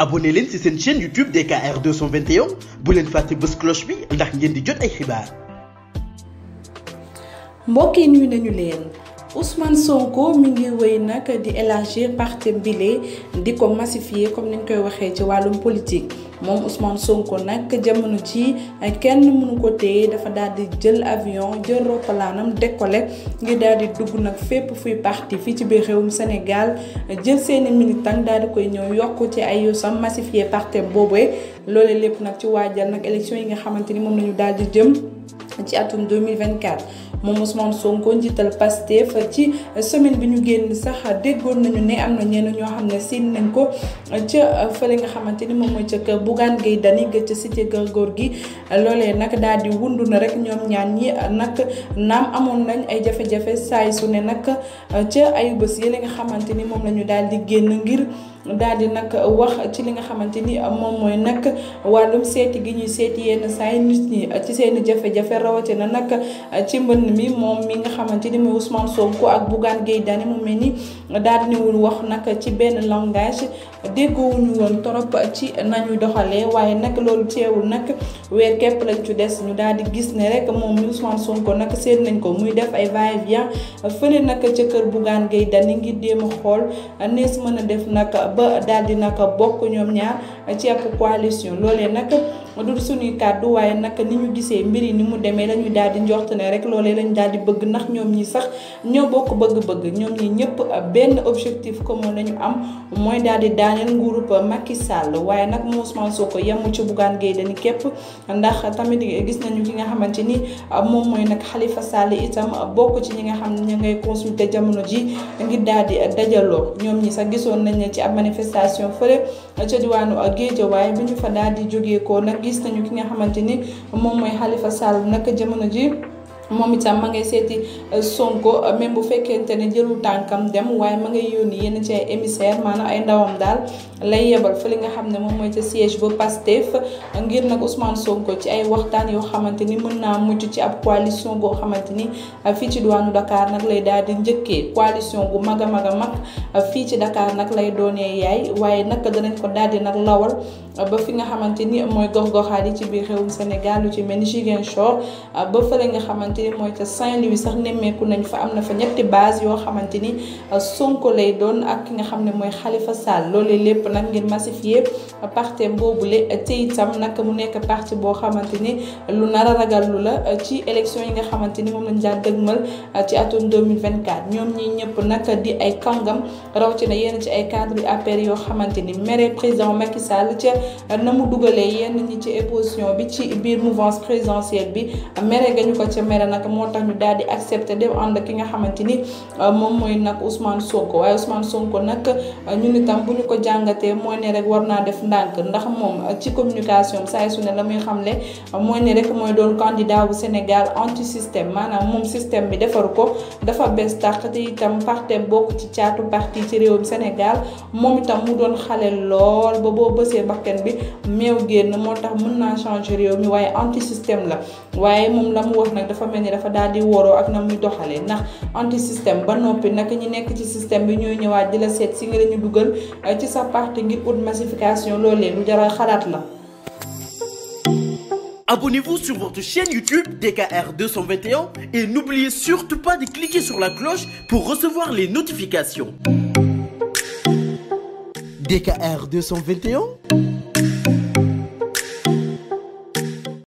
abonné leen ci seen chaîne YouTube DKR 221 bu leen fàtte bës cloche bi ndax ngeen di jot ay xibaar. mbokk yi nuyu nañu leen. Ousmane Sonko mi ngi wéy nag di élargir parte bile di ko massifier comme ni ñu koy waxee ci wàllum politique moom Ousmane Sonko nag jamono ci kenn mënu ko téye dafa daal di jël avion jël roppalaanam décollé ngir daal di dugg nag fépp fuy parti fii ci biir réewum Sénégal jël seeni militant daal di koy ñëw yokk ci ay yosam massifier parti boobee loole lépp nag ci waajal nag élection yi nga xamante ni moom la ñu daal di jëm ci atum 2024 moom Ousmane Sonko njiital Pastef ci semaine bi ñu génn sax déggoon nañu ne am na ñenn ñoo xam ne siin nañ ko ca fële nga xamante ni moom mooy ca kër Bougane Gueye Dany ga ca cité kër góor gi loolee nak daal di wundu na rek ñoom ñaan ñi nag naam amoon nañ ay jafe-jafe saay su ne nag ca ay bés yële nga xamante ni moom la ñu daal di génn ngir daal di nag wax ci li nga xamante ni moom mooy nag wàllum seeti gi ñuy seeti yenn saa yi nit ñi ci seen i jafe-jafe rawatina nag ci mbënn mi moom mi nga ci ni muy Ousmane Sonko ak Bougane Gueye Dany mu mel ni daal niwul wax nag ci benn langage déggoowuñu woon torop ci nañuy doxalee waaye nag loolu ceewul nag weer képp lañ ci des ñu daal di gis ne rek moom mi Ousmane Sonko nag seet nañ ko muy def ay va-et-vient fële nag ca kër Bougane Gueye Dany ngir déema xool nees mën a def nag ba daal di nag bokk ñoom ñaar ci ab coalition loole nag du suñuy kàddu waaye nag ni ñu gisee mbir yi ni mu demee la ñuy daal di njort ne rek loole lañu daal di bëgg ndax ñoom ñi sax ñoo bokk bëgg-bëgg ñoom ñi ñëpp benn objectif commun lañu am mooy daal di daaneel nguurub Macky Sall waaye nag mu Ousmane Sonko yemu ci Bougane Gueye Dany képp ndax tamit gis nañu ki nga xamante ni moom mooy nag xalifa Sall itam bokk ci ñi nga xam ne ñu ngay consulter jamono ji ngir daal di dajaloo ñoom ñi sax gisoon nañ ne ci ab manifestation Géejawaay bi ñu fa daal di jógeekoo nag gis nañu ki nga xamante ni moom mooy Khalifa Sall nag jamono ji moom itam ma ngay seeti euh, Sonko euh, même bu fekkente ne jëlu tànkam dem waaye ma ngay yónni yenn ci ay émissaire maanaam ay ndawam daal lay yebal fa li nga xam ne moom mooy ca siège ba Pastef ngir nag Ousmane Sonko ci ay waxtaan yoo xamante ni mën naa mujj ci ab coalition boo xamante ni euh, fii ci duwaanu dakaar nag lay daal di njëkkee coalition bu mag a mag a mag fii ci Dakar nag lay doonee yaay waaye nag danañ ko daal di nag lawal ba fi nga xamante ni mooy gox-goxaat yi ci biir réewum Sénégal lu ci mel ni Ziguinchor ba fële nga xamante ni mooy ca Saint-Louis sax nemmeeku nañ fa am na fa ñetti base yoo xamante ni euh, Sonko lay doon ak ki nga xam ne mooy Khalifa Sall loolee lépp nag ngir massifier parti boobule te itam nag mu nekk parti boo xamante ni lu nar a ragal lu la euh, ci élection yi nga xamante ni moom lañ daan dëgmal euh, ci vingt 2024 ñoom ñi ñëpp nag di ay kàngam rawatina yenn ci ay cadre yu APR yoo xamante ni maire président Macky Sall ca Euh, na mu dugalee yenn ñi ci opposition bi ci biir mouvance présidentielle bi mere gañu ko ca mere nag moo tax mu daal di accepté de ànd ki nga xamante ni euh, moom mooy nag Ousmane Sonko waaye Ousmane Sonko nag euh, ñun tam bu ñu ko jàngatee mooy ne rek war naa def ndànk ndax moom ci communication saa su ne la muy xamle mooy ne rek mooy doon candidat bu Sénégal anti système maanaam moom système bi defaru ko dafa bees tàq te itam partem bokk ci caatu parti ci réewum Sénégal moom itam askan bi meew génn moo tax mën naa changer réew mi waaye anti système la waaye moom la mu wax nag dafa mel ni dafa daal di woroo ak na muy doxalee ndax anti système ba noppi nag ñi nekk ci système bi ñooy ñëwaat di la seet si nga la ñu dugal eh, ci sa parti ngir ut massification loolee lu jar a xalaat la. Abonnez-vous sur votre chaîne YouTube DKR et n'oubliez surtout pas de cliquer sur la cloche pour recevoir les notifications. DKR 221